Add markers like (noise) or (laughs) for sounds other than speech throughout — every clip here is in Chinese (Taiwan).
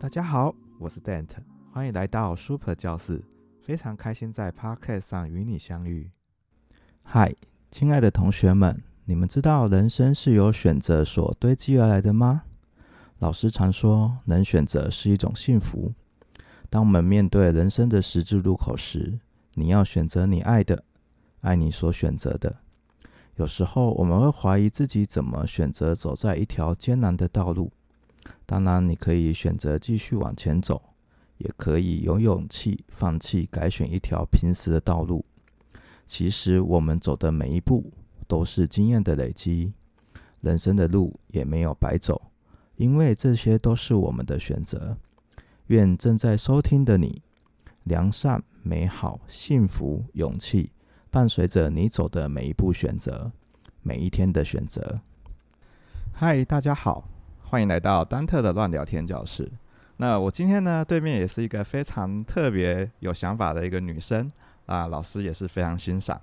大家好，我是 Dante，歡迎來到 Super 教室。非常開心在 Podcast 上與你相遇。Hi，親愛的同學們，你們知道人生是由選擇所堆積而來的嗎？老師常說，能選擇是一種幸福。當我們面對人生的十字路口時，你要選擇你愛的，愛你所選擇的。有時候我們會懷疑自己怎麼選擇走在一條艱難的道路。當然，你可以選擇繼續往前走，也可以有勇氣放棄，改選一條平時的道路。其實，我們走的每一步都是經驗的累積，人生的路也沒有白走，因為這些都是我們的選擇。願正在收聽的你，良善、美好、幸福、勇氣，伴隨着你走的每一步選擇，每一天的選擇。嗨，大家好。歡迎來到丹特的亂聊天教室。那我今天呢，對面也是一個非常特別有想法的一個女生啊，老師也是非常欣賞。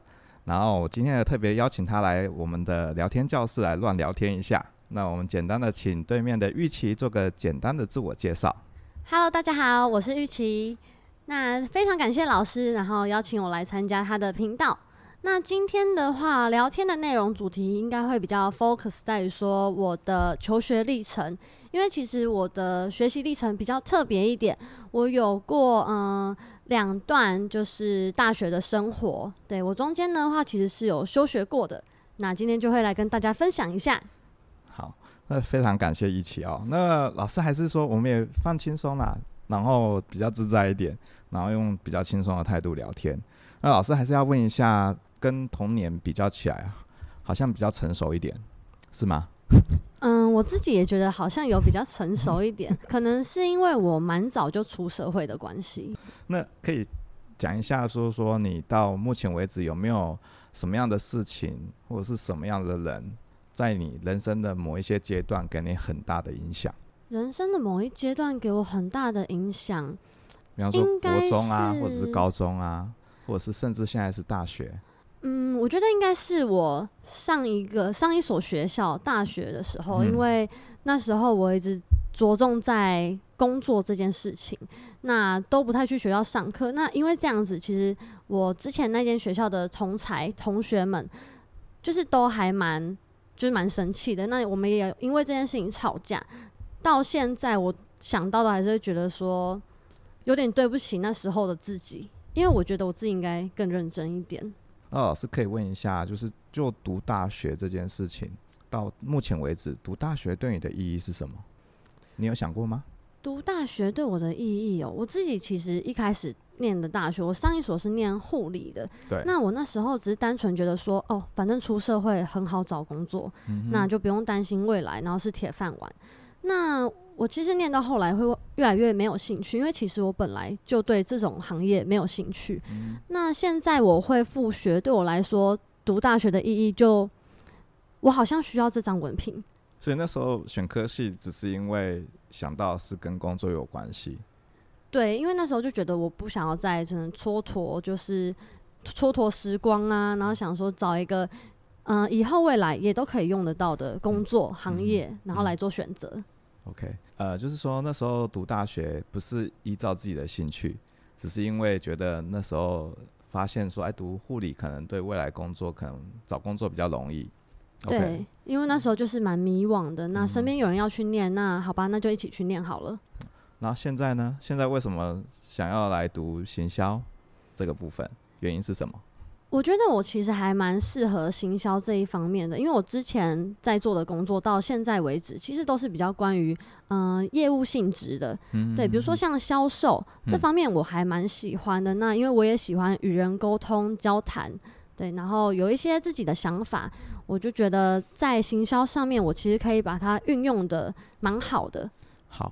然後我今天也特別邀請她來我們的聊天教室來亂聊天一下。那我們簡單的請對面的育琪做個簡單的自我介紹。Hello，大家好，我是育琪。那非常感謝老師，然後邀請我來參加她的頻道。那今天的話，聊天的內容主題應該會比較 focus 在於說我的求學歷程，因為其實我的學習歷程比較特別一點，我有過嗯兩段就是大學的生活，對，我中間的話其實是有休學過的，那今天就會來跟大家分享一下。好，那非常感謝育琪哦。那老師還是說我們也放輕鬆啦，啊，然後比較自在一點，然後用比較輕鬆的態度聊天。那老師還是要問一下。跟童年比較起來啊，好像比較成熟一點，是嗎？嗯，我自己也覺得好像有比較成熟一點， (laughs) 可能是因為我蠻早就出社會的關係。那可以講一下說，說說你到目前為止有沒有什麼樣的事情，或者是什麼樣的人，在你人生的某一些階段給你很大的影響？人生的某一階段給我很大的影響，比方說國中啊，或者是高中啊，或者是甚至現在是大學。嗯，我覺得應該是我上一個上一所學校大學的時候，嗯、因為那時候我一直着重在工作這件事情，那都不太去學校上課。那因為這樣子，其實我之前那間學校的同才同學們就是都還蠻就是蠻生氣的。那我們也因為這件事情吵架，到現在我想到的還是會覺得說有點對不起那時候的自己，因為我覺得我自己應該更認真一點。二老師可以問一下，就是就讀大學這件事情，到目前為止，讀大學對你的意義是什麼？你有想過嗎？讀大學對我的意義哦，我自己其實一開始念的大學，我上一所是念護理的，對。那我那時候只是單純覺得說，哦，反正出社會很好找工作，嗯哼，那就不用擔心未來，然後是鐵飯碗。那我其實念到後來會越來越沒有興趣，因為其實我本來就對這種行業沒有興趣。嗯、那現在我會復學，對我來說讀大學的意義就我好像需要這張文憑。所以那時候選科系只是因為想到是跟工作有關係。對，因為那時候就覺得我不想要再只能蹉跎，就是蹉跎時光啊，然後想說找一個嗯、呃、以後未來也都可以用得到的工作行業，嗯、然後來做選擇。嗯嗯 OK，呃，就是說那時候讀大學不是依照自己的興趣，只是因為覺得那時候發現說，哎，讀護理可能對未來工作可能找工作比較容易。對，Okay 因為那時候就是蠻迷惘的，那身邊有人要去念，嗯，那好吧，那就一起去念好了。那現在呢？現在為什麼想要來讀行銷這個部分？原因是什麼？我覺得我其實還蠻適合行銷這一方面的，因為我之前在做的工作到現在為止，其實都是比較關於嗯、呃、業務性質的。嗯嗯嗯對，比如說像銷售這方面，我還蠻喜歡的。嗯、那因為我也喜歡與人溝通、交談，對，然後有一些自己的想法，我就覺得在行銷上面，我其實可以把它運用得蠻好的。好，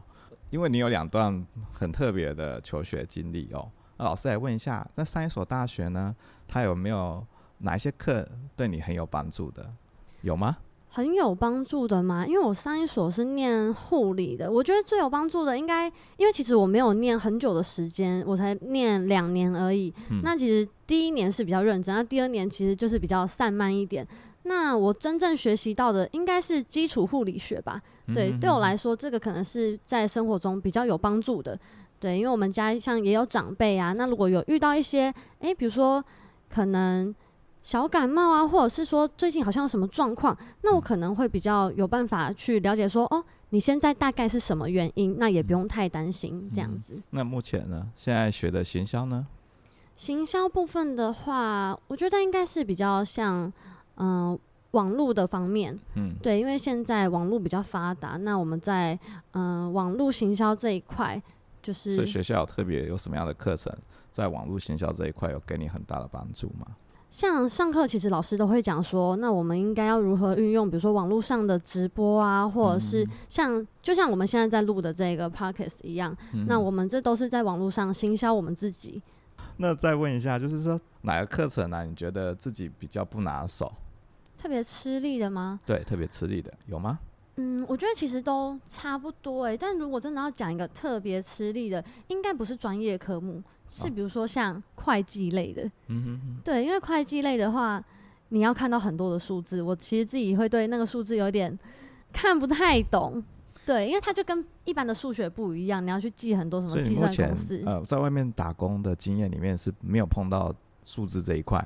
因為你有兩段很特別的求學經歷哦，那老師來問一下，那上一所大學呢？還有沒有哪一些課對你很有幫助的？有嗎？很有幫助的嗎？因為我上一所是念護理的，我覺得最有幫助的應該，因為其實我沒有念很久的時間，我才念兩年而已。嗯、那其實第一年是比較認真，那第二年其實就是比較散漫一點。那我真正學習到的應該是基礎護理學吧？對，嗯、哼對我來說，這個可能是在生活中比較有幫助的。對，因為我們家像也有長輩啊，那如果有遇到一些，誒、欸，比如說。可能小感冒啊，或者是說最近好像什麼狀況，那我可能會比較有辦法去了解說，嗯、哦，你現在大概是什麼原因？那也不用太擔心、嗯、這樣子。那目前呢，現在學的行銷呢？行銷部分的話，我覺得應該是比較像嗯、呃、網絡的方面，嗯，對，因為現在網絡比較發達，那我們在嗯、呃、網絡行銷這一塊。就是，所以學校有特別有什麼樣的課程，在網絡行銷這一塊有給你很大的幫助嗎？像上課，其實老師都會講說，那我們應該要如何運用，比如說網絡上的直播啊，或者是像，嗯、就像我們現在在錄的這個 podcast 一樣，嗯、哼那我們這都是在網絡上行銷我們自己。那再問一下，就是說哪個課程呢、啊？你覺得自己比較不拿手，特別吃力的嗎？對，特別吃力的有嗎？嗯，我覺得其實都差不多哎、欸，但如果真的要講一個特別吃力的，應該不是專業科目，是比如說像會計類的。嗯、哦、對，因為會計類的話，你要看到很多的數字，我其實自己會對那個數字有點看不太懂。對，因為它就跟一般的數學不一樣，你要去記很多什麼計算公式。呃，在外面打工的經驗裡面是沒有碰到數字這一塊。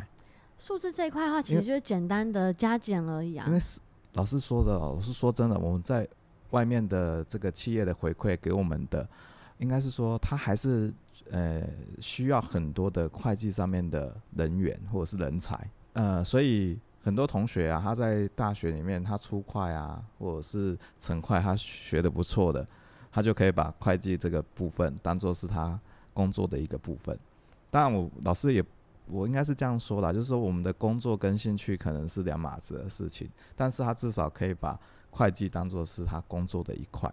數字這一塊的話，其實就是簡單的加減而已。啊。因為是。老師說的，老師說真的，我們在外面的這個企業的回饋給我們的，應該是說他還是呃需要很多的會計上面的人員或者是人才，呃，所以很多同學啊，他在大學裡面他出快啊，或者是成快，他學得不錯的，他就可以把會計這個部分當作是他工作的一個部分。當然我，我老師也。我應該是這樣說啦，就是說我們的工作跟興趣可能是兩碼子的事情，但是他至少可以把會計當做是他工作的一塊，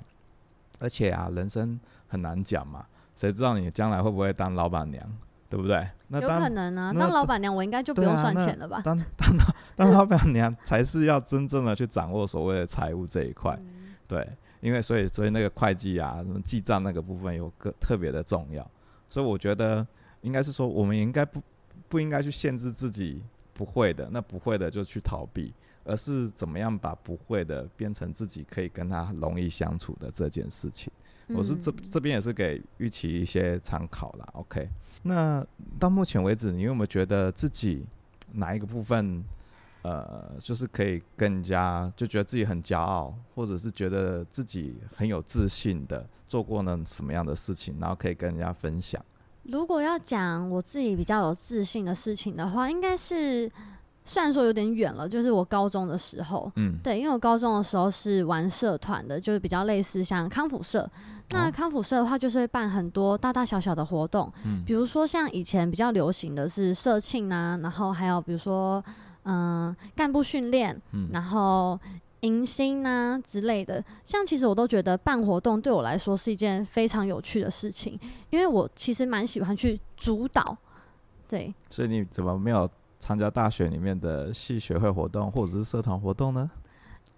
而且啊，人生很難講嘛，誰知道你將來會不會當老闆娘，對不對？那當有可能啊，當那老闆娘我應該就不用算錢了吧？啊、當當當老闆娘才是要真正的去掌握所謂的財務這一塊，嗯、對，因為所以所以那個會計啊，什麼記賬那個部分有個特別的重要，所以我覺得應該是說，我們應該不。不應該去限制自己不會的，那不會的就去逃避，而是怎麼樣把不會的變成自己可以跟他容易相處的這件事情。我是這這邊也是給育琪一些參考啦，嗯，OK。那到目前為止，你有沒有覺得自己哪一個部分，呃，就是可以更加就覺得自己很驕傲，或者是覺得自己很有自信的做過呢什麼樣的事情，然後可以跟人家分享？如果要講我自己比較有自信的事情的話，應該是雖然說有點遠了，就是我高中的時候，嗯，對，因為我高中的時候是玩社團的，就是比較類似像康輔社。那康輔社的話，就是會辦很多大大小小的活動，嗯、哦，比如說像以前比較流行的是社慶啊，然後還有比如說嗯呃，幹部訓練，嗯，然後。迎新啊之類的，像其實我都覺得辦活動對我來說是一件非常有趣的事情，因為我其實蠻喜歡去主導。對，所以你怎麼沒有參加大學裡面的系學會活動或者是社團活動呢？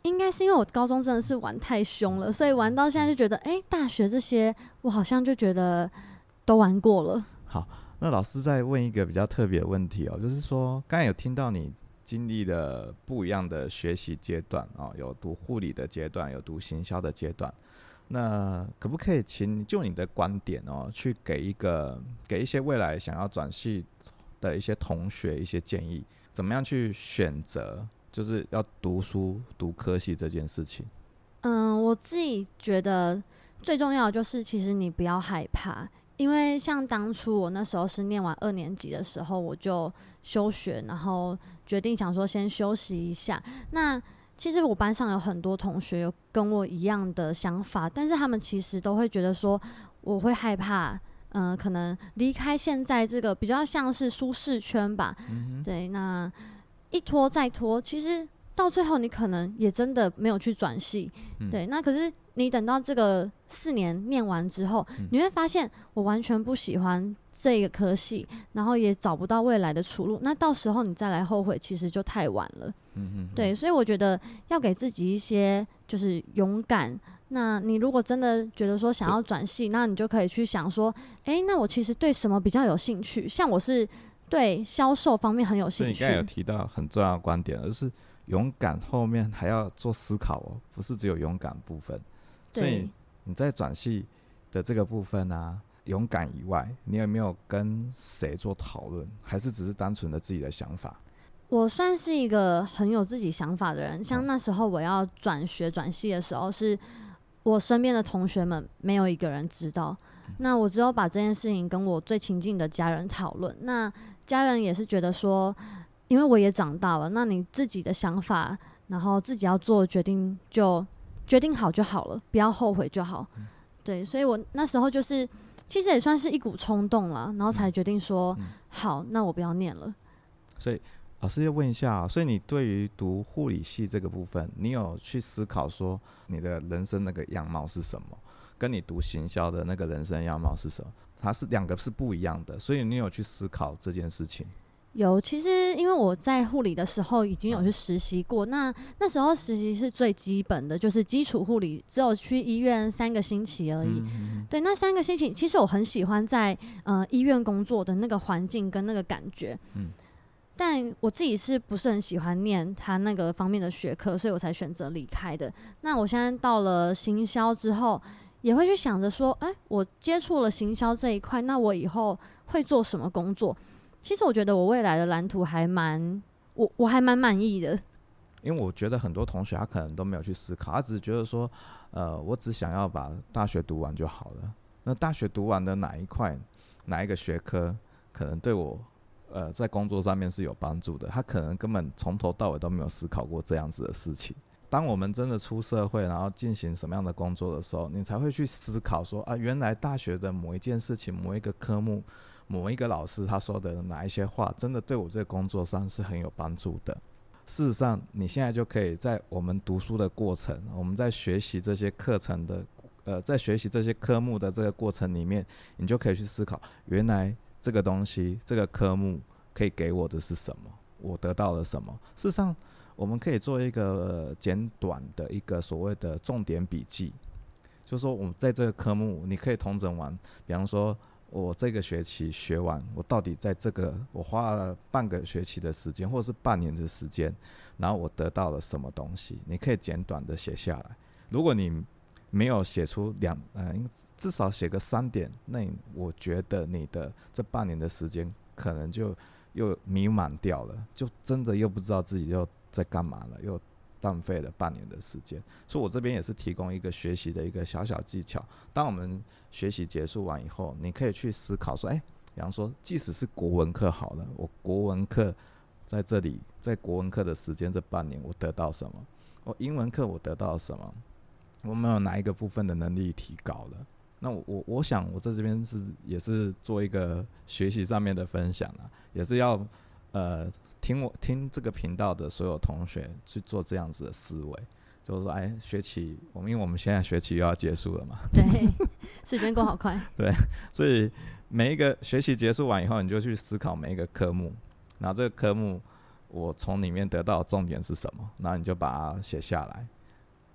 應該是因為我高中真的是玩太兇了，所以玩到現在就覺得，誒，大學這些我好像就覺得都玩過了。好，那老師再問一個比較特別的問題哦，就是說剛才有聽到你。經歷了不一樣的學習階段啊、哦，有讀護理的階段，有讀行銷的階段。那可不可以請就你的觀點哦，去給一個給一些未來想要轉系的一些同學一些建議，怎麼樣去選擇，就是要讀書讀科系這件事情？嗯、呃，我自己覺得最重要的就是，其實你不要害怕。因為像當初我那時候是念完二年級的時候，我就休學，然後決定想說先休息一下。那其實我班上有很多同學有跟我一樣的想法，但是他們其實都會覺得說我會害怕，嗯、呃，可能離開現在這個比較像是舒適圈吧。嗯、哼。對，那一拖再拖，其實到最後你可能也真的沒有去轉系。嗯、對，那可是。你等到這個四年念完之後，嗯、哼你會發現我完全不喜歡這一個科系，然後也找不到未來的出路。那到時候你再來後悔，其實就太晚了。嗯嗯哼，對，所以我覺得要給自己一些就是勇敢。那你如果真的覺得說想要轉系，就那你就可以去想說，哎、欸，那我其實對什麼比較有興趣？像我是對銷售方面很有興趣。你剛剛有提到很重要的觀點，而、就是勇敢後面還要做思考哦，不是只有勇敢部分。所以你在轉系的這個部分啊，勇敢以外，你有沒有跟誰做討論？還是只是單純的自己的想法？我算是一個很有自己想法的人。像那時候我要轉學轉系的時候，是我身邊的同學們沒有一個人知道。那我只有把這件事情跟我最親近的家人討論。那家人也是覺得說，因為我也長大了，那你自己的想法，然後自己要做決定就。決定好就好了，不要後悔就好。嗯、對，所以我那時候就是，其實也算是一股衝動了，然後才決定說，嗯、好，那我不要念了。所以老師要問一下、啊，所以你對於讀護理系這個部分，你有去思考說，你的人生那個樣貌是什麼？跟你讀行銷的那個人生樣貌是什麼？它是兩個是不一樣的，所以你有去思考這件事情。有，其實因為我在護理的時候已經有去實習過，那那時候實習是最基本的，就是基礎護理，只有去醫院三個星期而已。嗯嗯嗯嗯。對，那三個星期，其實我很喜歡在呃醫院工作的那個環境跟那個感覺。嗯，但我自己是不是很喜歡念他那個方面的學科，所以我才選擇離開的。那我現在到了行銷之後，也會去想着說，哎、欸，我接觸了行銷這一塊，那我以後會做什麼工作？其實我覺得我未來的藍圖還蠻，我我還蠻滿意的，因為我覺得很多同學他可能都沒有去思考，他只是覺得說，呃，我只想要把大學讀完就好了。那大學讀完的哪一塊，哪一個學科，可能對我，呃，在工作上面是有幫助的？他可能根本從頭到尾都沒有思考過這樣子的事情。當我們真的出社會，然後進行什麼樣的工作的時候，你才會去思考說，啊，原來大學的某一件事情，某一個科目，某一個老師他說的哪一些話，真的對我這個工作上是很有幫助的。事實上，你現在就可以在我們讀書的過程，我們在學習這些課程的，呃，在學習這些科目的這個過程裡面，你就可以去思考，原來這個東西，這個科目可以給我的是什麼，我得到了什麼。事實上，我們可以做一個簡短的一個所謂的重點筆記，就是說我們在這個科目，你可以統整完，比方說。我這個學期學完，我到底在這個我花了半個學期的時間，或者是半年的時間，然後我得到了什麼東西？你可以簡短的寫下來。如果你沒有寫出兩，呃，至少寫個三點，那我覺得你的這半年的時間可能就又迷茫掉了，就真的又不知道自己又在幹嘛了，又。浪費了半年的時間，所以我這邊也是提供一個學習的一個小小技巧。當我們學習結束完以後，你可以去思考說：哎、欸，比方說，即使是國文課好了，我國文課在這裡，在國文課的時間這半年，我得到什麼？我英文課我得到什麼？我沒有哪一個部分的能力提高了？那我，我，我想我在這邊是也是做一個學習上面的分享啊，也是要。呃，聽我聽這個頻道的所有同學去做這樣子的思維，就是說，哎，學期，我們因為我們現在學期又要結束了嘛，對， (laughs) 時間過好快，對，所以每一個學期結束完以後，你就去思考每一個科目，然後這個科目我從裡面得到的重點是什麼，那你就把它寫下來。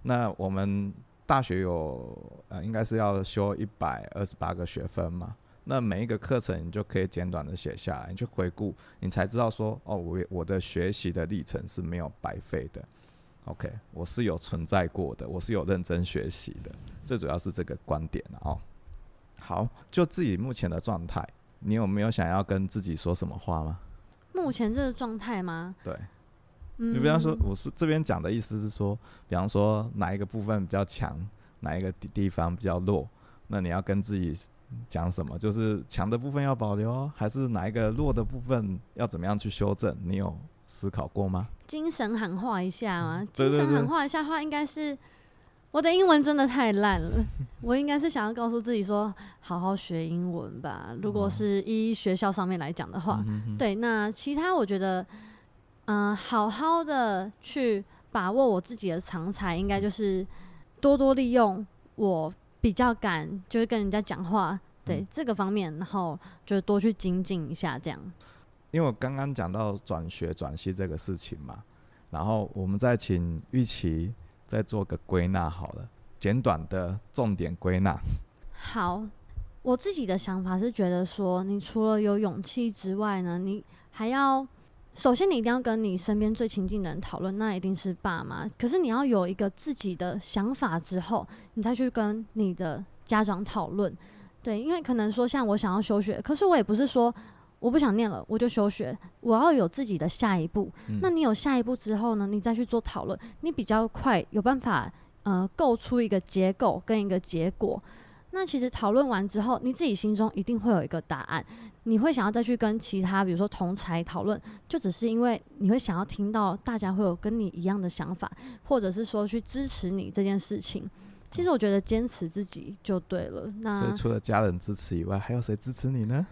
那我們大學有呃，應該是要修一百二十八個學分嘛。那每一個課程你就可以簡短的寫下來，你去回顧，你才知道說哦，我我的學習的歷程是沒有白費的，OK，我是有存在過的，我是有認真學習的，最主要是這個觀點哦。好，就自己目前的狀態，你有沒有想要跟自己說什麼話嗎？目前這個狀態嗎？對，你、嗯、比方說，我是這邊講的意思是說，比方說哪一個部分比較強，哪一個地方比較弱，那你要跟自己。講什麼？就是強的部分要保留，還是哪一個弱的部分要怎麼樣去修正？你有思考過嗎？精神喊話一下嗎？精神喊話一下的話，應該是我的英文真的太爛了。我應該是想要告訴自己說，好好學英文吧。如果是以學校上面來講的話，對，那其他我覺得，嗯，好好的去把握我自己的長才，應該就是多多利用我。比較敢就是跟人家講話，對、嗯、這個方面，然後就多去精進一下這樣。因為我剛剛講到轉學轉系這個事情嘛，然後我們再請育琪再做個歸納好了，簡短的重點歸納。好，我自己的想法是覺得說，你除了有勇氣之外呢，你還要。首先，你一定要跟你身邊最親近的人討論，那一定是爸媽。可是你要有一個自己的想法之後，你再去跟你的家長討論，對，因為可能說像我想要休學，可是我也不是說我不想念了，我就休學，我要有自己的下一步。嗯、那你有下一步之後呢？你再去做討論，你比較快有辦法呃，構出一個結構跟一個結果。那其實討論完之後，你自己心中一定會有一個答案。你會想要再去跟其他，比如說同儕討論，就只是因為你會想要聽到大家會有跟你一樣的想法，或者是說去支持你這件事情。其實我覺得堅持自己就對了。那所以除了家人支持以外，還有誰支持你呢？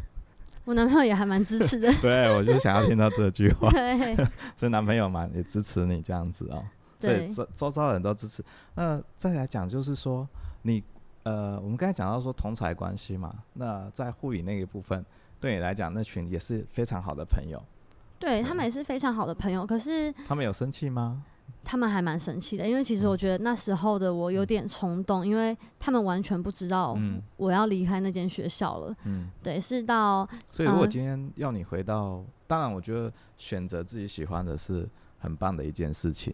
我男朋友也還蠻支持的。 (laughs) 對，我就想要聽到這句話。 (laughs) 對， (laughs) 所以男朋友嘛也支持你這樣子哦。對，所以周周遭人都支持。那再來講就是說你。呃，我們剛才講到說同儕關係嘛，那在護理那一部分，對你來講那群也是非常好的朋友，對他們也是非常好的朋友。可是他們有生氣嗎？他們還蠻生氣的，因為其實我覺得那時候的我有點衝動，嗯、因為他們完全不知道我要離開那間學校了。嗯，對，是到，所以如果今天要你回到，呃、當然我覺得選擇自己喜歡的是很棒的一件事情。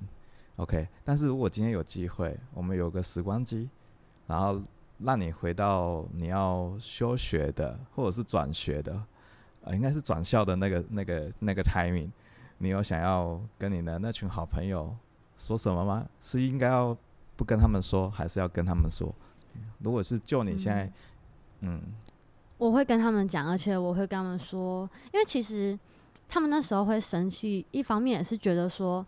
OK，但是如果今天有機會，我們有個時光機，然後讓你回到你要休學的，或者是轉學的，呃，應該是轉校的那個那個那個 timing，你有想要跟你的那群好朋友說什麼嗎？是應該要不跟他們說，還是要跟他們說？如果是就你現在，嗯，嗯，我會跟他們講，而且我會跟他們說，因為其實他們那時候會生氣，一方面也是覺得說，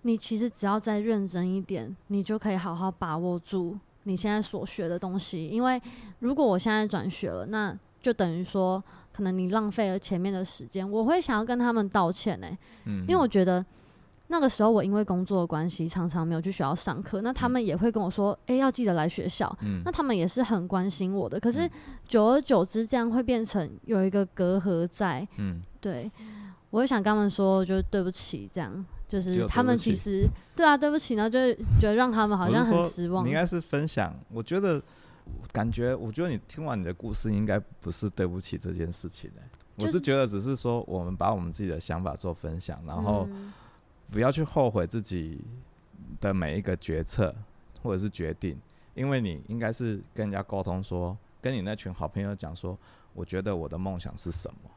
你其實只要再認真一點，你就可以好好把握住。你現在所學的東西，因為如果我現在轉學了，那就等於說可能你浪費了前面的時間。我會想要跟他們道歉呢、欸，嗯、哼因為我覺得那個時候我因為工作的關係常常沒有去學校上課，那他們也會跟我說，誒、嗯欸，要記得來學校，嗯、那他們也是很關心我的。可是久而久之，這樣會變成有一個隔閡在，嗯、對，我也想跟他們說，就是、對不起，這樣。就是他們其實對，對啊，對不起、啊，然後就覺得讓他們好像很失望。你應該是分享，我覺得感覺，我覺得你聽完你的故事，應該不是對不起這件事情的、欸。就是、我是覺得只是說，我們把我們自己的想法做分享，然後不要去後悔自己的每一個決策或者是決定，因為你應該是跟人家溝通說，跟你那群好朋友講說，我覺得我的夢想是什麼。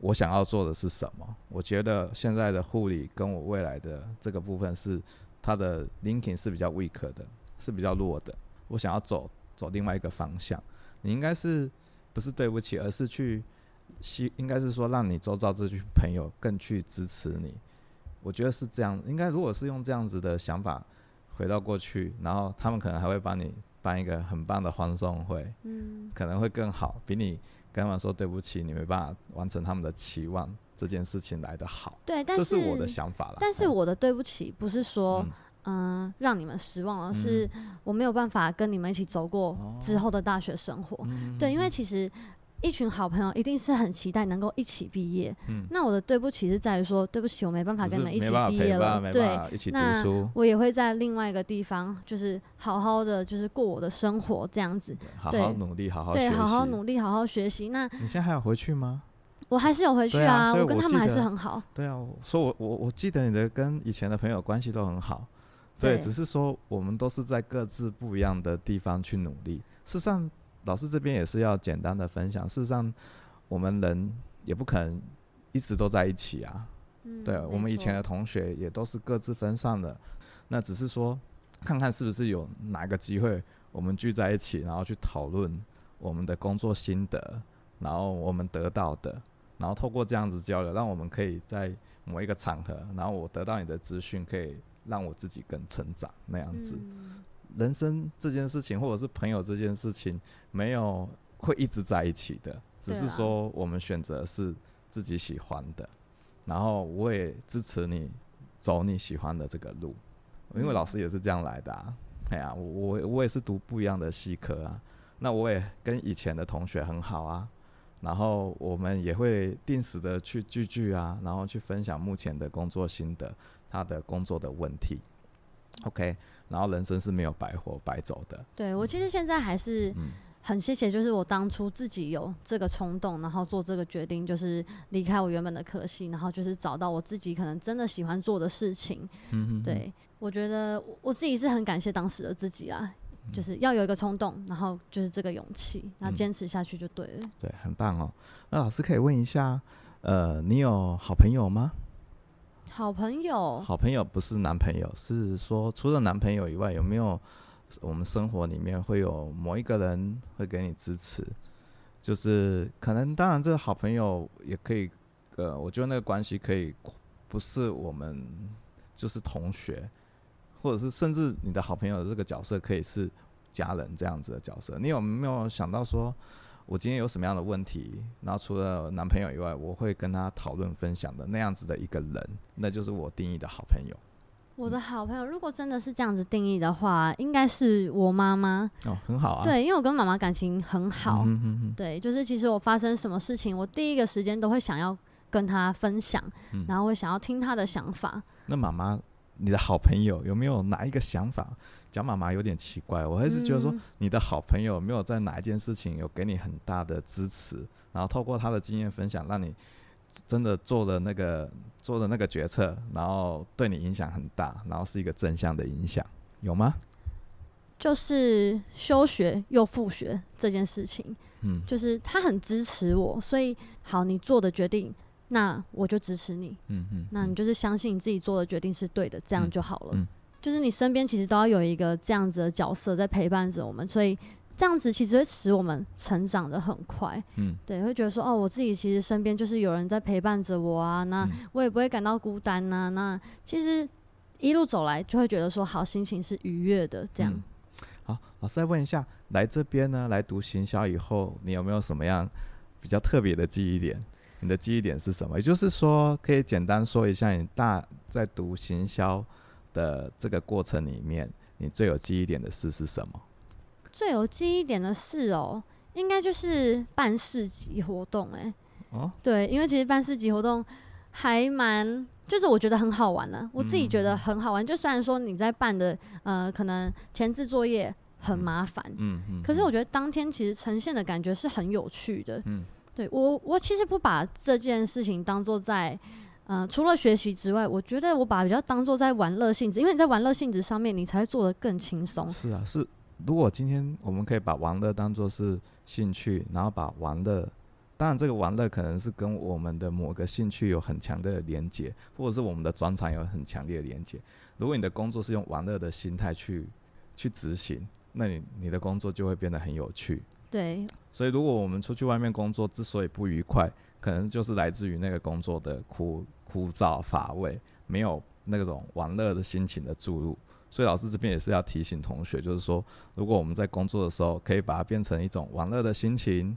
我想要做的是什麼？我覺得現在的護理跟我未來的這個部分是它的 linking 是比較 weak 的，是比較弱的。我想要走走另外一個方向。你應該是不是對不起，而是去，應該是說，讓你周遭這群朋友更去支持你。我覺得是這樣，應該如果是用這樣子的想法回到過去，然後他們可能還會幫你辦一個很棒的歡送會，嗯，可能會更好，比你。跟他們說對不起，你沒辦法完成他們的期望，這件事情來得好。對，但是，這是我的想法啦，但是我的對不起不是說，嗯、呃，讓你們失望，而、嗯、是我沒有辦法跟你們一起走過之後的大學生活。哦、對，因為其實。嗯一群好朋友一定是很期待能夠一起畢業。嗯，那我的對不起是在於說，對不起，我沒辦法跟你們一起畢業了。對，一起讀書，我也會在另外一個地方，就是好好的，就是過我的生活這樣子。好好努力，好好對，好好努力，好好學習。那你現在還有回去嗎？我還是有回去啊，啊我，我跟他們還是很好。對啊，所以我說我我，我記得你的跟以前的朋友關係都很好。對，只是說我們都是在各自不一樣的地方去努力。事實上。老師這邊也是要簡單的分享。事實上，我們人也不可能一直都在一起啊。嗯、對，沒錯。我們以前的同學也都是各自分散的。那只是說，看看是不是有哪個機會，我們聚在一起，然後去討論我們的工作心得，然後我們得到的，然後透過這樣子交流，讓我們可以在某一個場合，然後我得到你的資訊，可以讓我自己更成長那樣子。嗯人生這件事情，或者是朋友這件事情，沒有會一直在一起的，只是說我們選擇是自己喜歡的，然後我也支持你走你喜歡的這個路，因為老師也是這樣來的，啊。哎呀，我我我也是讀不一樣的系科啊，那我也跟以前的同學很好啊，然後我們也會定時的去聚聚啊，然後去分享目前的工作心得，他的工作的問題。OK。然後人生是沒有白活白走的。對，我其實現在還是很謝謝，就是我當初自己有這個衝動，然後做這個決定，就是離開我原本的科系，然後就是找到我自己可能真的喜歡做的事情。嗯嗯，對，我覺得我，我自己是很感謝當時的自己啊，就是要有一個衝動，然後就是這個勇氣，然後堅持下去就對了。嗯。對，很棒哦。那老師可以問一下，呃，你有好朋友嗎？好朋友，好朋友不是男朋友，是說除了男朋友以外，有沒有我們生活裡面會有某一個人會給你支持？就是可能，當然，這個好朋友也可以，呃，我覺得那個關係可以不是我們就是同學，或者是甚至你的好朋友的這個角色可以是家人這樣子的角色，你有沒有想到說？我今天有什麼樣的問題，然後除了男朋友以外，我會跟他討論分享的那樣子的一個人，那就是我定義的好朋友。我的好朋友，如果真的是這樣子定義的話，應該是我媽媽。哦，很好啊。對，因為我跟媽媽感情很好，嗯嗯嗯。對，就是其實我發生什麼事情，我第一個時間都會想要跟她分享，嗯、然後會想要聽她的想法。那媽媽，你的好朋友有沒有哪一個想法？講媽媽有點奇怪，我還是覺得說，你的好朋友沒有在哪一件事情有給你很大的支持，嗯、然後透過他的經驗分享，讓你真的做了那個、做了那個決策，然後對你影響很大，然後是一個正向的影響，有嗎？就是休學又復學這件事情，嗯，就是他很支持我，所以好，你做的決定，那我就支持你，嗯嗯，嗯，那你就是相信你自己做的決定是對的，這樣就好了。嗯嗯就是你身邊其實都要有一個這樣子的角色在陪伴着我們，所以這樣子其實會使我們成長得很快。嗯，對，會覺得說哦，我自己其實身邊就是有人在陪伴着我啊，那我也不會感到孤單吶、啊。嗯、那其實一路走來，就會覺得說好心情是愉悅的這樣、嗯。好，老師再問一下，來這邊呢，來讀行銷以後，你有沒有什麼樣比較特別的記憶點？你的記憶點是什麼？也就是說，可以簡單說一下，你大在讀行銷。的這個過程裡面，你最有記憶點的事是什麼？最有記憶點的事哦，應該就是辦市集活動哎、欸。哦。對，因為其實辦市集活動還蠻，就是我覺得很好玩的、啊。我自己覺得很好玩，嗯、哼就雖然說你在辦的呃，可能前置作業很麻煩。嗯哼可是我覺得當天其實呈現的感覺是很有趣的。嗯。對我，我其實不把這件事情當做在。呃，除了學習之外，我覺得我把比較當做在玩樂性質，因為你在玩樂性質上面，你才會做得更輕鬆。是啊，是。如果今天我們可以把玩樂當做是興趣，然後把玩樂，當然這個玩樂可能是跟我們的某個興趣有很強的連接，或者是我們的專長有很強烈的連接。如果你的工作是用玩樂的心態去去執行，那你你的工作就會變得很有趣。對。所以，如果我們出去外面工作之所以不愉快，可能就是來自於那個工作的苦。枯燥乏味，沒有那種玩樂的心情的注入，所以老師這邊也是要提醒同學，就是說，如果我們在工作的時候，可以把它變成一種玩樂的心情，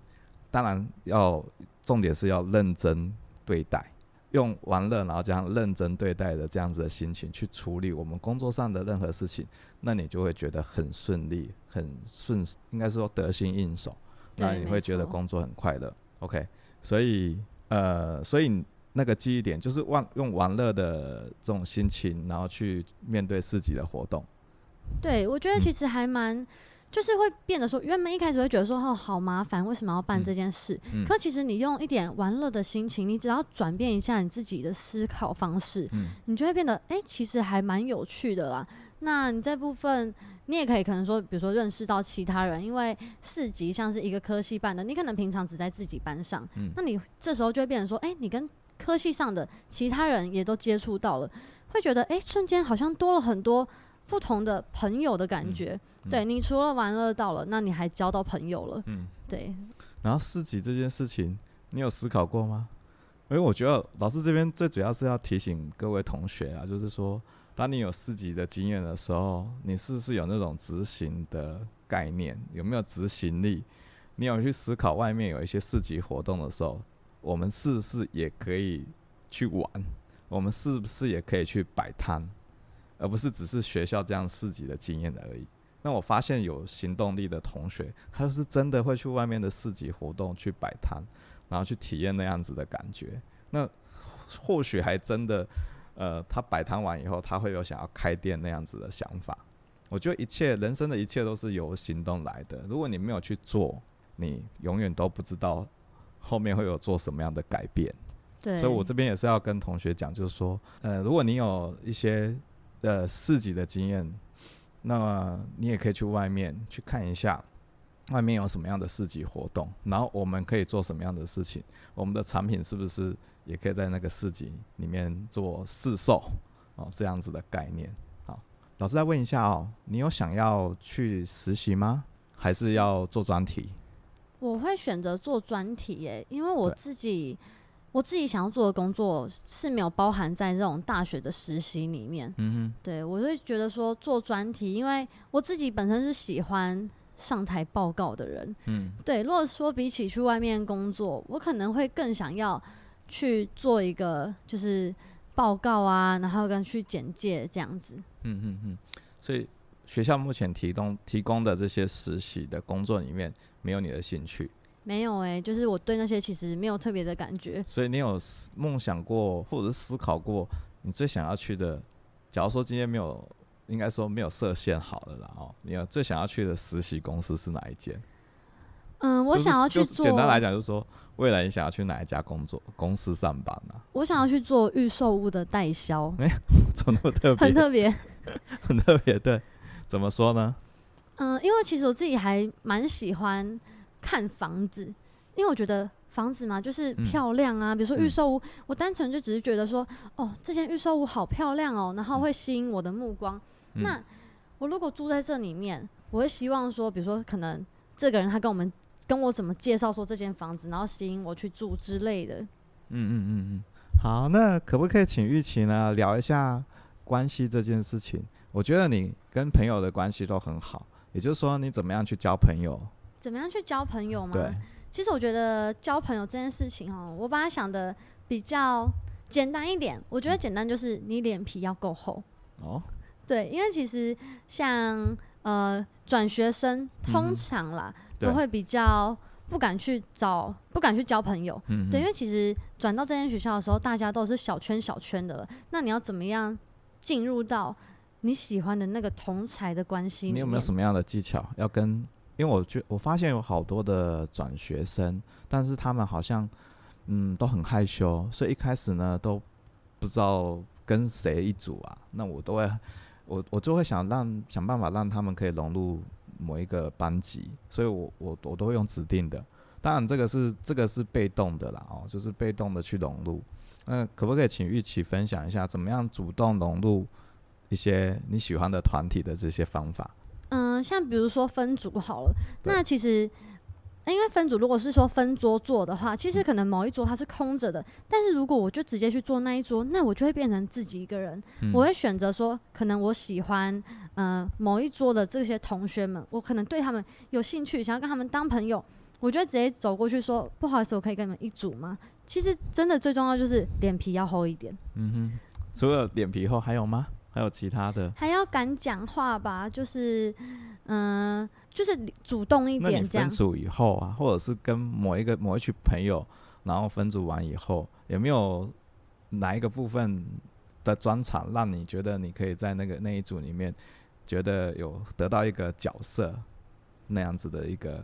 當然要重點是要認真對待，用玩樂然後這樣認真對待的這樣子的心情去處理我們工作上的任何事情，那你就會覺得很順利，很順，應該是說得心應手，那對你會覺得工作很快樂。錯 OK，所以呃，所以。那個記憶點就是忘用玩樂的這種心情，然後去面對市集的活動。對，我覺得其實還蠻，嗯、就是會變得說，原本一開始會覺得說，哦，好麻煩，為什麼要辦這件事？嗯、可其實你用一點玩樂的心情，你只要轉變一下你自己的思考方式，嗯、你就會變得，哎、欸，其實還蠻有趣的啦。那你這部分，你也可以可能說，比如說認識到其他人，因為市集像是一個科系辦的，你可能平常只在自己班上，嗯、那你這時候就會變成說，哎、欸，你跟科系上的其他人也都接觸到了，會覺得哎、欸，瞬間好像多了很多不同的朋友的感覺。嗯嗯、對，你除了玩樂到了，那你還交到朋友了。嗯，對。然後四級這件事情，你有思考過嗎？誒，我覺得老師這邊最主要是要提醒各位同學啊，就是說，當你有四級的經驗的時候，你是不是有那種執行的概念？有沒有執行力？你有去思考外面有一些四級活動的時候？我們是不是也可以去玩？我們是不是也可以去擺攤，而不是只是學校這樣市集的經驗而已？那我發現有行動力的同學，他是真的會去外面的市集活動去擺攤，然後去體驗那樣子的感覺。那或許還真的，呃，他擺攤完以後，他會有想要開店那樣子的想法。我覺得一切人生的一切都是由行動來的。如果你沒有去做，你永遠都不知道。後面會有做什麼樣的改變？對，所以我這邊也是要跟同學講，就是說，呃，如果你有一些呃市集的經驗，那麼你也可以去外面去看一下，外面有什麼樣的市集活動，然後我們可以做什麼樣的事情，我們的產品是不是也可以在那個市集裡面做試售？哦，這樣子的概念。好，老師再問一下哦，你有想要去實習嗎？還是要做專題？我會選擇做專題耶、欸，因為我自己對我自己想要做的工作是沒有包含在這種大學的實習裡面。嗯哼，對我會覺得說做專題，因為我自己本身是喜歡上台報告的人。嗯，對，如果說比起去外面工作，我可能會更想要去做一個就是報告啊，然後跟去簡介這樣子。嗯哼哼，所以。學校目前提供提供的這些實習的工作裡面，沒有你的興趣？沒有哎、欸，就是我對那些其實沒有特別的感覺。所以你有夢想過，或者是思考過，你最想要去的，假如說今天沒有，應該說沒有設限好了啦哦。然後你要最想要去的實習公司是哪一間？嗯，我想要去做、就是。就是、簡單來講，就是說未來你想要去哪一家工作公司上班啊？我想要去做預售屋的代銷。沒有、欸，怎麼那麼特別？很特別， (laughs) 很特別，對。怎麼說呢？嗯、呃，因為其實我自己還蠻喜歡看房子，因為我覺得房子嘛，就是漂亮啊。嗯、比如說預售屋，嗯、我單純就只是覺得說，哦，這間預售屋好漂亮哦，然後會吸引我的目光。嗯、那、嗯、我如果住在這裡面，我會希望說，比如說可能這個人他跟我們跟我怎麼介紹說這間房子，然後吸引我去住之類的。嗯嗯嗯嗯，好，那可不可以請育琪呢聊一下轉系這件事情？我覺得你跟朋友的關係都很好，也就是說你怎麼樣去交朋友？怎麼樣去交朋友嗎？對，其實我覺得交朋友這件事情哦、喔，我把它想的比較簡單一點。我覺得簡單就是你臉皮要夠厚哦，對，因為其實像呃轉學生通常啦、嗯、哼都會比較不敢去找，不敢去交朋友，嗯、哼對，因為其實轉到這間學校的時候，大家都是小圈小圈的了，那你要怎麼樣進入到？你喜歡的那個同才的關係，你有沒有什麼樣的技巧要跟？因為我就我發現有好多的轉學生，但是他們好像嗯都很害羞，所以一開始呢都不知道跟誰一組啊。那我都會，我我就會想讓想辦法讓他們可以融入某一個班級，所以我我我都會用指定的。當然這個是這個是被動的啦哦，就是被動的去融入。那可不可以請育琪分享一下，怎麼樣主動融入？一些你喜歡的團體的這些方法，嗯、呃，像比如說分組好了，對那其實、呃、因為分組，如果是說分桌坐的話，其實可能某一桌它是空着的，嗯、但是如果我就直接去坐那一桌，那我就會變成自己一個人。嗯、我會選擇說，可能我喜歡呃某一桌的這些同學們，我可能對他們有興趣，想要跟他們當朋友，我就會直接走過去說：“不好意思，我可以跟你們一組嗎？”其實真的最重要就是臉皮要厚一點。嗯哼，除了臉皮厚還有嗎？還有其他的，還要敢講話吧？就是，嗯、呃，就是主動一點這樣。分組以後啊，或者是跟某一個某一群朋友，然後分組完以後，有沒有哪一個部分的專長，讓你覺得你可以在那個那一組裡面，覺得有得到一個角色，那樣子的一個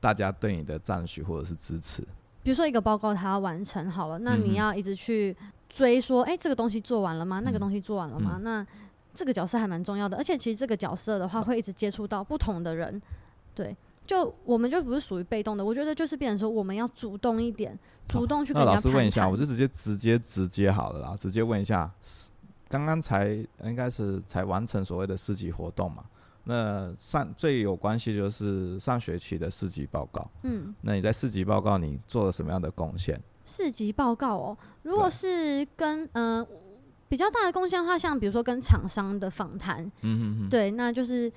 大家對你的讚許或者是支持？比如說一個報告，它完成好了，那你要一直去，嗯。追說，誒、欸，這個東西做完了嗎？那個東西做完了嗎？嗯、那這個角色還蠻重要的，而且其實這個角色的話，會一直接觸到不同的人。對，就我們就不是屬於被動的，我覺得就是變成說我們要主動一點，好主動去跟老師問一下。我就直接直接直接好了啦，直接問一下。剛剛才應該是才完成所謂的四級活動嘛？那上最有關係就是上學期的四級報告。嗯，那你在四級報告你做了什麼樣的貢獻？四級報告哦如果是跟嗯對、呃、比較大的貢獻的話，像比如說跟廠商的訪談，嗯、哼哼對，那就是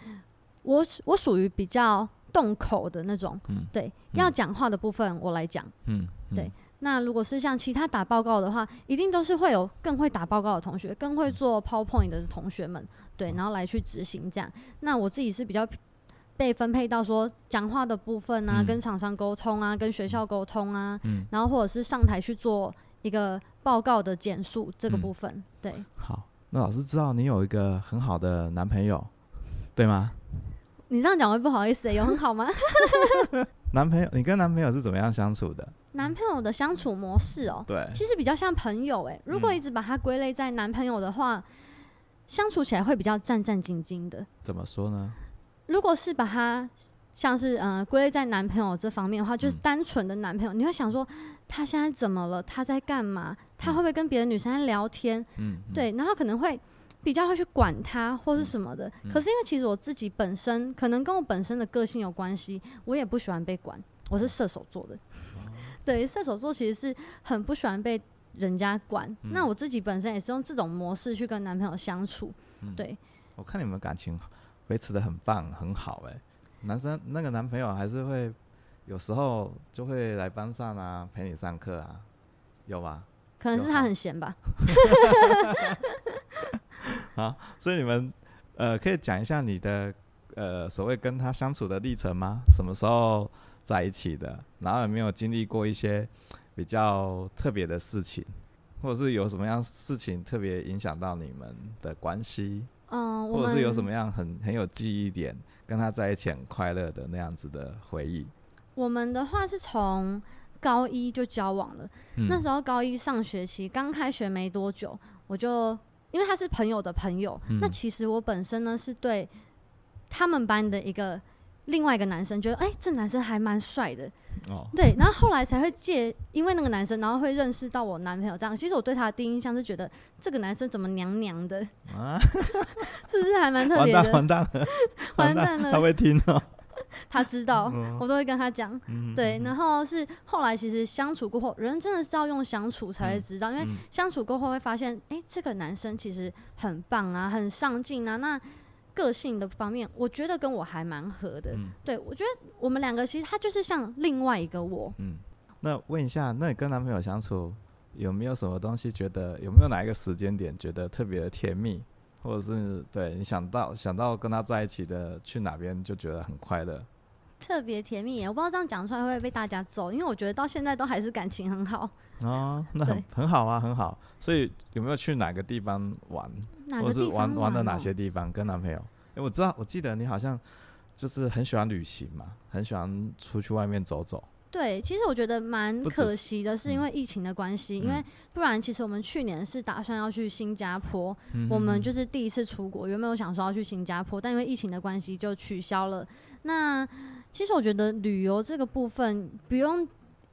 我我屬於比較動口的那種，嗯、對，嗯、要講話的部分我來講，嗯，對，嗯、那如果是像其他打報告的話，一定都是會有更會打報告的同學，更會做 PowerPoint 的同學們，對，嗯、然後來去執行這樣，那我自己是比較。被分配到說講話的部分啊，嗯、跟廠商溝通啊，跟學校溝通啊，嗯、然後或者是上台去做一個報告的簡述這個部分，嗯、對。好，那老師知道你有一個很好的男朋友，對嗎？你這樣講會不好意思、欸、有很好嗎？ (laughs) (laughs) 男朋友，你跟男朋友是怎麼樣相處的？男朋友的相處模式哦、喔，對、嗯，其實比較像朋友誒、欸。如果一直把它歸類在男朋友的話，嗯、相處起來會比較戰戰兢兢的。怎麼說呢？如果是把他像是嗯，呃、歸類在男朋友這方面的話，就是單純的男朋友，嗯、你會想說他現在怎麼了？他在幹嘛？他會不會跟別的女生在聊天？嗯，嗯對，然後可能會比較會去管他或是什麼的。嗯、可是因為其實我自己本身可能跟我本身的個性有關係，我也不喜歡被管。我是射手座的，哦、 (laughs) 對於射手座其實是很不喜歡被人家管。嗯、那我自己本身也是用這種模式去跟男朋友相處。嗯、對，我看你們感情。維持的很棒，很好哎、欸，男生那個男朋友還是會有時候就會來班上啊，陪你上課啊，有嗎？可能是他很閒吧。好, (laughs) (laughs) 好，所以你們呃可以講一下你的呃所謂跟他相處的歷程嗎？什麼時候在一起的？然後有沒有經歷過一些比較特別的事情，或者是有什麼樣事情特別影響到你們的關係？嗯，我或者是有什麼樣很很有記憶點，跟他在一起很快樂的那樣子的回憶。我們的話是從高一就交往了，嗯、那時候高一上學期剛開學沒多久，我就因為他是朋友的朋友，嗯、那其實我本身呢是對他們班的一個。另外一個男生覺得，哎、欸，這男生還蠻帥的哦、對。然後後來才會借因為那個男生，然後會認識到我男朋友這樣。其實我對他的第一印象是覺得這個男生怎麼娘娘的啊？ (laughs) 是不是還蠻特別的？完蛋了！完蛋了！他會聽哦、喔， (laughs) 他知道，哦、我都會跟他講。嗯嗯嗯嗯對，然後是後來其實相處過後，人真的是要用相處才會知道，嗯嗯因為相處過後會發現，哎、欸，這個男生其實很棒啊，很上進啊。那個性的方面，我覺得跟我還蠻合的。嗯，對我覺得我們兩個其實，他就是像另外一個我。嗯，那問一下，那你跟男朋友相處有沒有什麼東西覺得？有沒有哪一個時間點覺得特別的甜蜜？或者是對，你想到想到跟他在一起的去哪邊就覺得很快樂？特別甜蜜耶！我不知道這樣講出來會不會被大家揍，因為我覺得到現在都還是感情很好啊。哦，那很，對很好啊，很好。所以有沒有去哪個地方玩，哪個地方或者是玩玩的哪些地方跟男朋友哎、欸，我知道，我記得你好像就是很喜歡旅行嘛，很喜歡出去外面走走。對，其實我覺得蠻可惜的，是因為疫情的關係，嗯、因為不然其實我們去年是打算要去新加坡，嗯、哼哼哼我們就是第一次出國，有沒有想說要去新加坡？但因為疫情的關係就取消了。那其實我覺得旅遊這個部分不用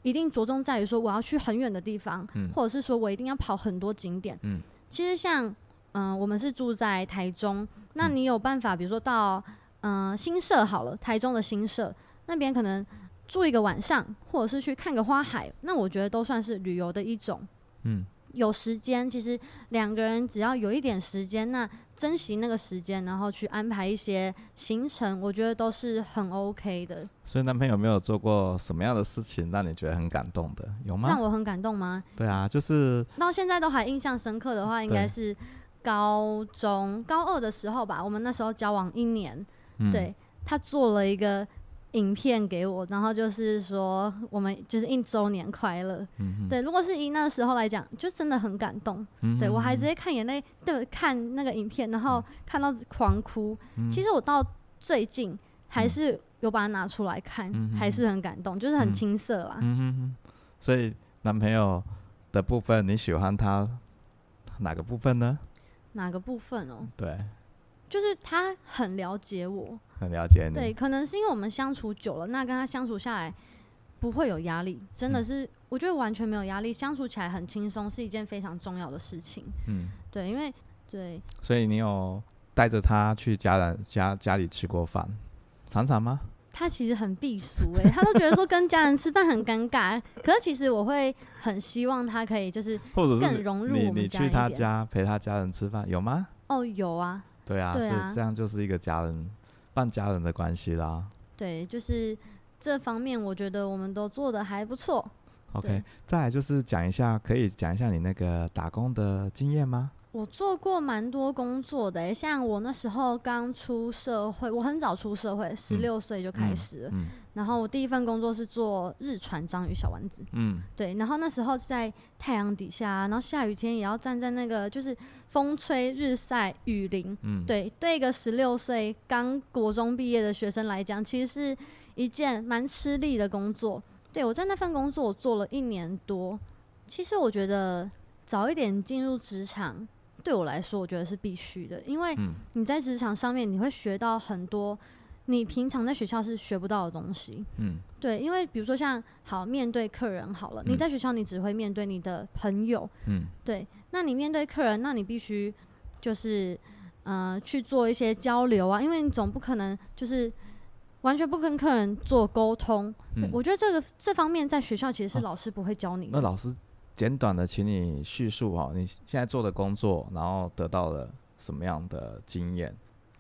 一定着重在於說我要去很遠的地方，嗯、或者是說我一定要跑很多景點。嗯、其實像嗯、呃，我們是住在台中，那你有辦法，比如說到嗯、呃、新社好了，台中的新社那邊可能住一個晚上，或者是去看個花海，那我覺得都算是旅遊的一種。嗯。有時間，其實兩個人只要有一點時間，那珍惜那個時間，然後去安排一些行程，我覺得都是很 OK 的。所以，男朋友沒有做過什麼樣的事情讓你覺得很感動的，有嗎？讓我很感動嗎？對啊，就是到現在都還印象深刻的話，對應該是高中高二的時候吧。我們那時候交往一年，嗯，對他做了一個。影片給我，然後就是說我們就是一周年快樂。嗯、哼對，如果是以那時候來講，就真的很感動。嗯哼嗯哼。對，我還直接看眼淚，對，看那個影片，然後看到狂哭。嗯、其實我到最近還是有把它拿出來看，嗯、還是很感動，嗯、哼就是很青澀啦、嗯哼哼。所以男朋友的部分，你喜歡他哪個部分呢？哪個部分哦？對，就是他很了解我。很了解你對，可能是因為我們相處久了，那跟他相處下來不會有壓力，真的是、嗯、我覺得完全沒有壓力，相處起來很輕鬆，是一件非常重要的事情。嗯，對，因為對，所以你有帶着他去家人家家裡吃過飯，常常嗎？他其實很避俗哎、欸，他都覺得說跟家人吃飯很尷尬， (laughs) 可是其實我會很希望他可以就是更融入。你你去他家陪他家人吃飯有嗎？哦，有啊，對啊，對啊，是這樣就是一個家人。半家人的關係啦，對，就是這方面，我覺得我們都做得還不錯。OK，對再來就是講一下，可以講一下你那個打工的經驗嗎？我做過蠻多工作的、欸，像我那時候剛出社會，我很早出社會，十六歲就開始。嗯嗯嗯然後我第一份工作是做日船章魚小丸子，嗯，對。然後那時候是在太陽底下，然後下雨天也要站在那個，就是風吹日曬雨淋，嗯，對。對一個十六歲剛國中畢業的學生來講，其實是一件蠻吃力的工作。對，我在那份工作，我做了一年多。其實我覺得早一點進入職場，對我來說，我覺得是必須的，因為你在職場上面，你會學到很多。你平常在學校是學不到的東西，嗯，對，因為比如說像好面對客人好了，嗯、你在學校你只會面對你的朋友，嗯，對，那你面對客人，那你必須就是呃去做一些交流啊，因為你總不可能就是完全不跟客人做溝通，嗯，我覺得這個這方面在學校其實是老師不會教你的。啊、那老師簡短的請你敘述哈，你現在做的工作，然後得到了什麼樣的經驗？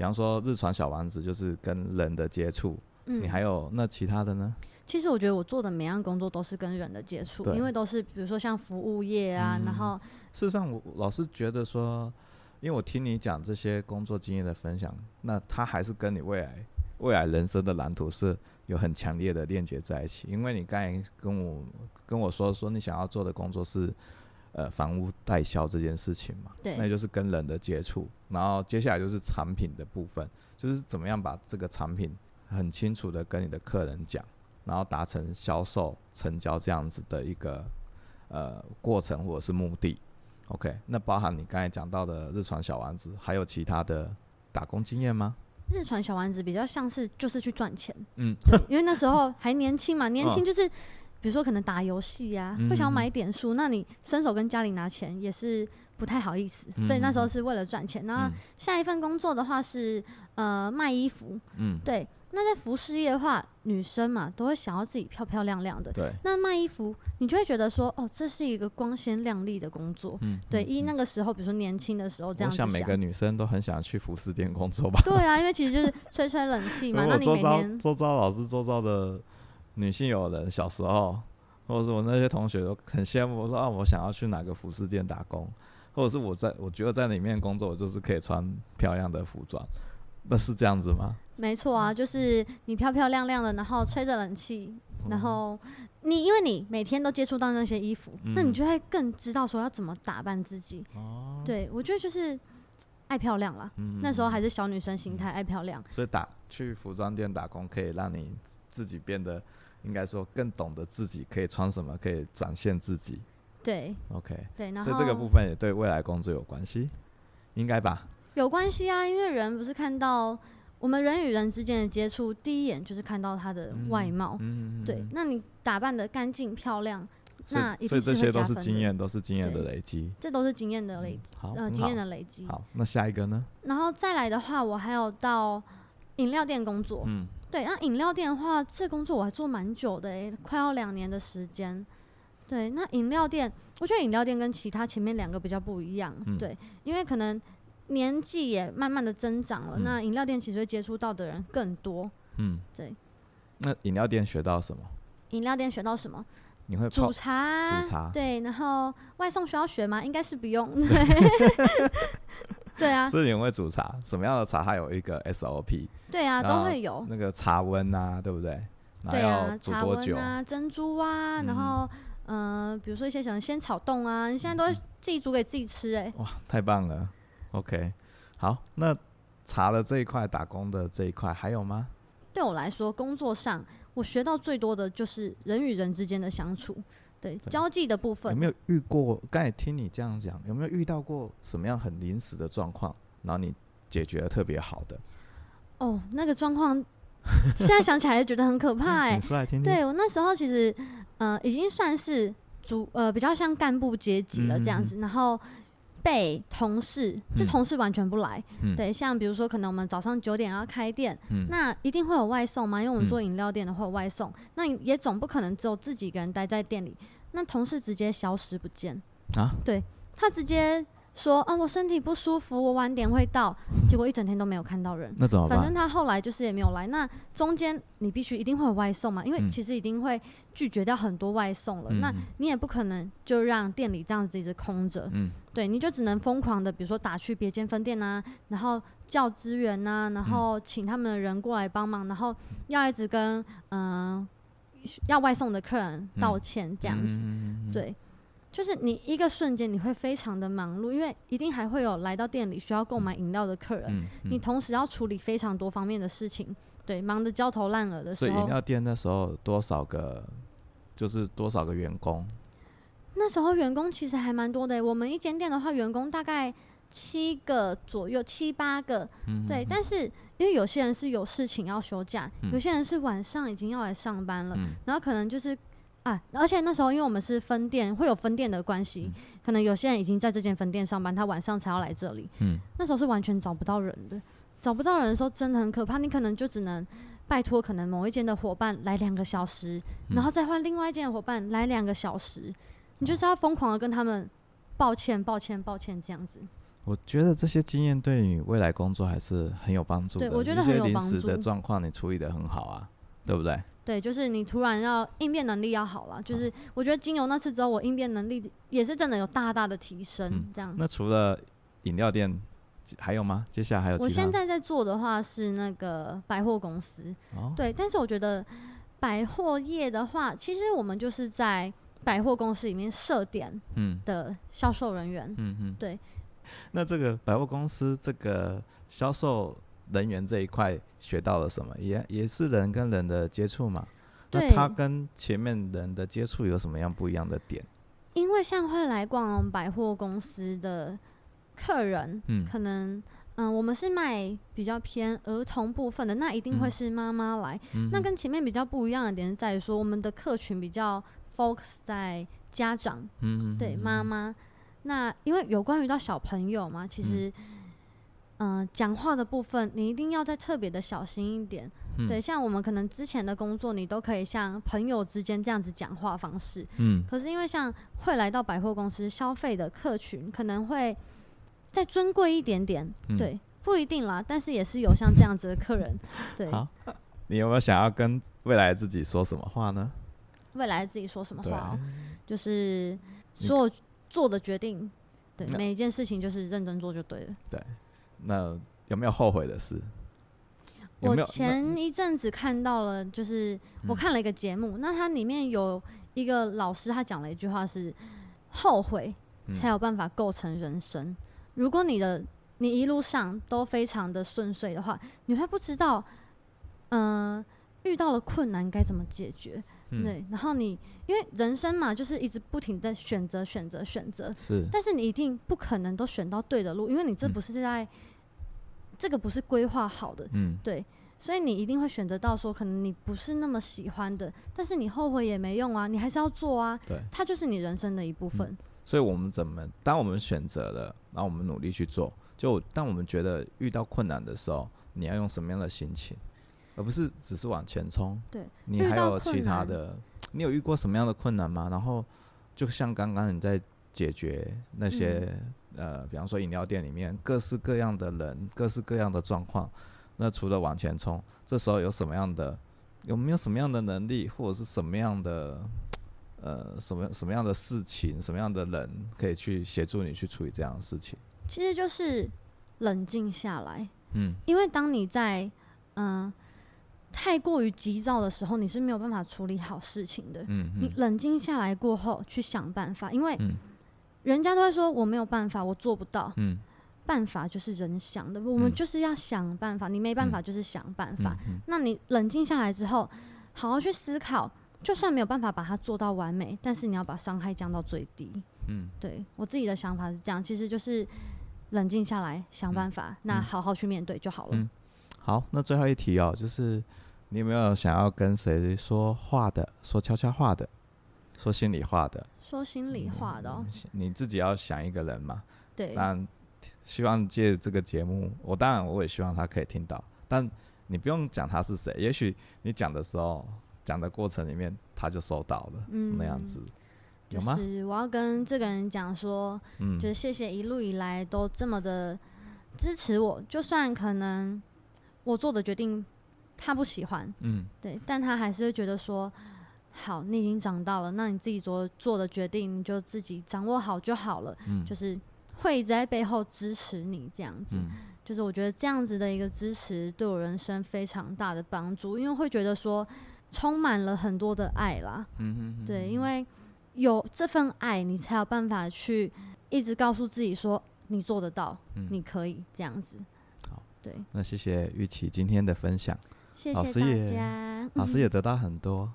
比方說日傳小丸子就是跟人的接觸，嗯，你還有那其他的呢？其實我覺得我做的每樣工作都是跟人的接觸，對因為都是比如說像服務業啊，嗯、然後事實上我老是覺得說，因為我聽你講這些工作經驗的分享，那它還是跟你未來未來人生的藍圖是有很強烈的鏈接在一起，因為你剛才跟我跟我說說你想要做的工作是。呃，房屋代銷這件事情嘛，對，那就是跟人的接觸，然後接下來就是產品的部分，就是怎麼樣把這個產品很清楚的跟你的客人講，然後達成銷售成交這樣子的一個呃過程或者是目的。OK，那包含你剛才講到的日傳小丸子，還有其他的打工經驗嗎？日傳小丸子比較像是就是去賺錢，嗯，因為那時候還年輕嘛， (laughs) 年輕就是。比如說可能打遊戲呀，嗯、會想要買一點書。那你伸手跟家裡拿錢也是不太好意思，嗯、所以那時候是為了賺錢。那下一份工作的話是、嗯、呃賣衣服，嗯，對。那在服飾業的話，女生嘛都會想要自己漂漂亮亮的，對。那賣衣服，你就會覺得說，哦，這是一個光鮮亮麗的工作，嗯，對。一那個時候，比如說年輕的時候這樣子像每個女生都很想去服飾店工作吧？對啊，因為其實就是吹吹冷氣嘛。 (laughs) 那你每天招招老師，做招的。女性友人小時候，或者是我那些同學都很羨慕，我說啊，我想要去哪個服飾店打工，或者是我在我覺得在裡面工作，我就是可以穿漂亮的服裝，那是這樣子嗎？沒錯啊，就是你漂漂亮亮的，然後吹着冷氣，然後、嗯、你因為你每天都接觸到那些衣服，嗯、那你就會更知道說要怎麼打扮自己。哦、啊，對我覺得就是愛漂亮了，嗯、那時候還是小女生心態愛漂亮，所以打去服裝店打工可以讓你自己變得。應該說更懂得自己可以穿什麼，可以展現自己。對，OK，對，okay, 對，所以這個部分也對未來工作有關係，應該吧？有關係啊，因為人不是看到我們人與人之間的接觸，第一眼就是看到他的外貌。嗯，對，嗯，那你打扮得乾淨漂亮，所以，那一定是會加分的，所以這些都是經驗，都是經驗的累積。這都是經驗的累積，嗯、好，呃，經驗的累積。好，那下一個呢？然後再來的話，我還有到。飲料店工作，嗯，對，那、啊、飲料店的話，這個、工作我還做蠻久的誒，快要兩年的時間。對，那飲料店，我覺得飲料店跟其他前面兩個比較不一樣，嗯、對，因為可能年紀也慢慢的增長了，嗯、那飲料店其實會接觸到的人更多，嗯，對。那飲料店學到什麼？飲料店學到什麼？你會煮茶？煮茶，對，然後外送需要學嗎？應該是不用。對 (laughs) (laughs) 對啊，所以你會煮茶，什麼樣的茶它有一個 SOP。對啊，都會有那個茶溫啊，對不對？煮多久？對啊，茶溫啊，珍珠啊，然後嗯哼、呃，比如說一些什麼仙草凍啊，你現在都會自己煮給自己吃、欸，哎，哇，太棒了。OK，好，那茶的這一塊，打工的這一塊還有嗎？對我來說，工作上我學到最多的就是人與人之間的相處。對，對交際的部分有沒有遇過？剛才聽你這樣講，有沒有遇到過什麼樣很臨時的狀況，然後你解決得特別好的？哦，那個狀況， (laughs) 現在想起來覺得很可怕哎、欸。對，來聽聽。對我那時候其實，呃、已經算是主呃比較像幹部階級了這樣子，嗯嗯然後。被同事，就同事完全不來。嗯、對，像比如說，可能我們早上九點要開店，嗯、那一定會有外送嘛？因為我們做飲料店的會有外送，嗯、那也總不可能只有自己一個人待在店裡，那同事直接消失不見啊？對，他直接。說啊，我身體不舒服，我晚點會到。結果一整天都沒有看到人， (laughs) 那反正他後來就是也沒有來。那中間你必須一定會外送嘛，因為其實一定會拒絕掉很多外送了。嗯、那你也不可能就讓店裡這樣子一直空着。嗯、對，你就只能瘋狂的，比如說打去別間分店啊，然後叫支援啊，然後請他們的人過來幫忙，嗯、然後要一直跟嗯、呃、要外送的客人道歉，嗯、這樣子，嗯嗯嗯嗯嗯對。就是你一個瞬間你會非常的忙碌，因為一定還會有來到店裡需要購買飲料的客人，嗯嗯、你同時要處理非常多方面的事情，對，忙得焦頭爛額的時候，所以飲料店那時候多少個，就是多少個員工？那時候員工其實還蠻多的，欸，我們一間店的話，員工大概七個左右，七八個。嗯、對，嗯、但是因為有些人是有事情要休假，嗯、有些人是晚上已經要來上班了，嗯、然後可能就是。而且那時候，因為我們是分店，會有分店的關係，嗯、可能有些人已經在這間分店上班，他晚上才要來這裡。嗯，那時候是完全找不到人的，找不到人的時候真的很可怕。你可能就只能拜託可能某一間的夥伴來兩個小時，嗯、然後再換另外一間的夥伴來兩個小時。嗯、你就是要瘋狂的跟他們抱歉、抱歉、抱歉這樣子。我覺得這些經驗對你未來工作還是很有幫助的。對，我覺得很有幫助，狀況你處理得很好啊，嗯、對不對？對，就是你突然要應變能力要好了，就是我覺得經由那次之後，我應變能力也是真的有大大的提升。這樣、嗯。那除了飲料店還有嗎？接下來還有？我現在在做的話是那個百貨公司，哦、對。但是我覺得百貨業的話，其實我們就是在百貨公司裡面設點的銷售人員，嗯嗯、對。那這個百貨公司這個銷售。人員這一塊學到了什麼？也也是人跟人的接觸嘛。對，那他跟前面人的接觸有什麼樣不一樣的點？因為像會來逛百貨公司的客人，嗯，可能嗯、呃，我們是賣比較偏兒童部分的，那一定會是媽媽來。嗯、那跟前面比較不一樣的點是在於說，我們的客群比較 focus 在家長，嗯，嗯，嗯，嗯，嗯，對媽媽。那因為有關於到小朋友嘛，其實、嗯。嗯，講、呃、話的部分你一定要再特別的小心一點。嗯、對，像我們可能之前的工作，你都可以像朋友之間這樣子講話方式。嗯。可是因為像會來到百貨公司消費的客群，可能會再尊貴一點點。嗯、對，不一定啦，但是也是有像這樣子的客人。 (laughs) 對。好，你有沒有想要跟未來自己說什麼話呢？未來自己說什麼話、哦？對就是所有的決定，看對每一件事情就是認真做就對了。對。那有沒有後悔的事？我前一陣子看到了，就是我看了一個節目，嗯、那它裡面有一個老師，他講了一句話是：後悔才有辦法構成人生。嗯、如果你的你一路上都非常的順遂的話，你會不知道，嗯、呃，遇到了困難該怎麼解決。嗯、對，然後你因為人生嘛，就是一直不停在選擇、選擇、選擇，是，但是你一定不可能都選到對的路，因為你這不是在。嗯這個不是規劃好的，嗯，對，所以你一定會選擇到說，可能你不是那麼喜歡的，但是你後悔也沒用啊，你還是要做啊，對，它就是你人生的一部分。嗯，所以我們怎麼，當我們選擇了，然後我們努力去做，就當我們覺得遇到困難的時候，你要用什麼樣的心情，而不是只是往前衝，對，你還有其他的，你有遇過什麼樣的困難嗎？然後，就像剛剛你在解決那些。嗯呃，比方說飲料店裡面各式各樣的人，各式各樣的狀況，那除了往前衝，這時候有什麼樣的，有沒有什麼樣的能力，或者是什麼樣的，呃，什麼什麼樣的事情，什麼樣的人可以去協助你去處理這樣的事情？其實就是冷靜下來，嗯，因為當你在嗯、呃、太過於急躁的時候，你是沒有辦法處理好事情的，嗯嗯，你冷靜下來過後去想辦法，因為、嗯。人家都會說我沒有辦法，我做不到。嗯，辦法就是人想的，我們就是要想辦法。嗯、你沒辦法就是想辦法。嗯、那你冷靜下來之後，好好去思考，就算沒有辦法把它做到完美，但是你要把傷害降到最低。嗯，對我自己的想法是這樣，其實就是冷靜下來想辦法，嗯、那好好去面對就好了、嗯。好，那最後一題哦，就是你有沒有想要跟誰說話的，說悄悄話的，說心裡話的？說心裡話的、哦嗯，你自己要想一個人嘛。對，但希望借這個節目，我當然我也希望他可以聽到。但你不用講他是誰，也許你講的時候，講的過程裡面他就收到了，嗯，那樣子，有嗎？就是我要跟這個人講說，嗯，就是謝謝一路以來都這麼的支持我，就算可能我做的決定他不喜歡，嗯，對，但他還是會覺得說。好，你已經長大了，那你自己做做的決定你就自己掌握好就好了。嗯、就是會一直在背後支持你這樣子，嗯、就是我覺得這樣子的一個支持對我人生非常大的幫助，因為會覺得說充滿了很多的愛啦。嗯哼,哼，對，因為有這份愛，你才有辦法去一直告訴自己說你做得到，嗯、你可以這樣子。好，對，那謝謝育琪今天的分享，謝謝大家，老師也得到很多。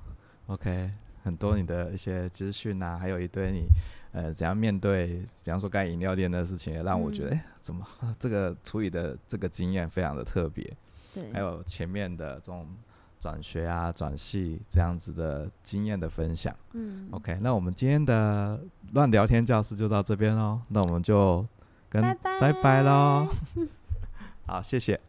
OK，很多你的一些資訊吶，嗯、還有一堆你，呃，怎樣面對，比方說開飲料店的事情，讓我覺得，哎、嗯欸，怎麼這個處理的這個經驗非常的特別。對。還有前面的這種轉學啊、轉系這樣子的經驗的分享。嗯。OK，那我們今天的亂聊天教室就到這邊哦，那我們就跟拜拜嘍。好，謝謝。